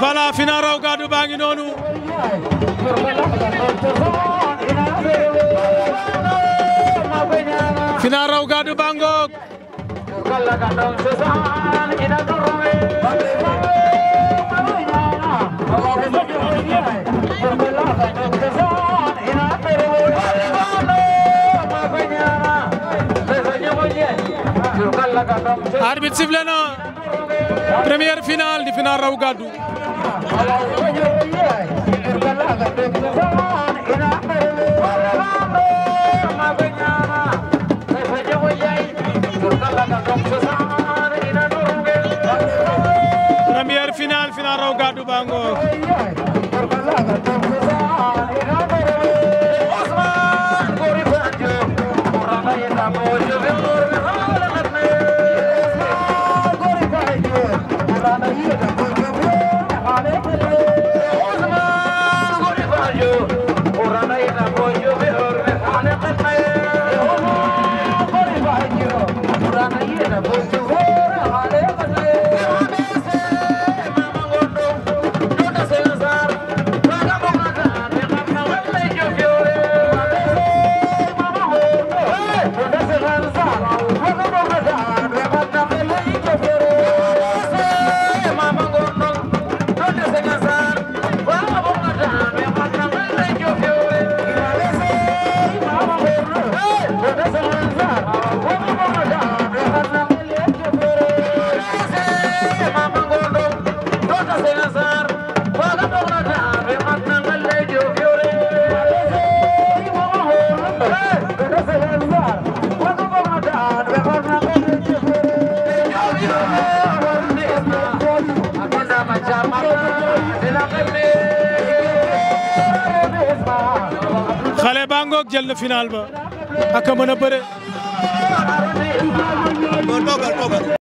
voilà final raw gàddu baa ngi noonu final raw gàddu baa ngoog arbitre sifflé na première finale di final raw gàddu première finale final raw gàddu baa ngoog Ousmane xale baa ngoog jël na final ba ak a mën a bëre.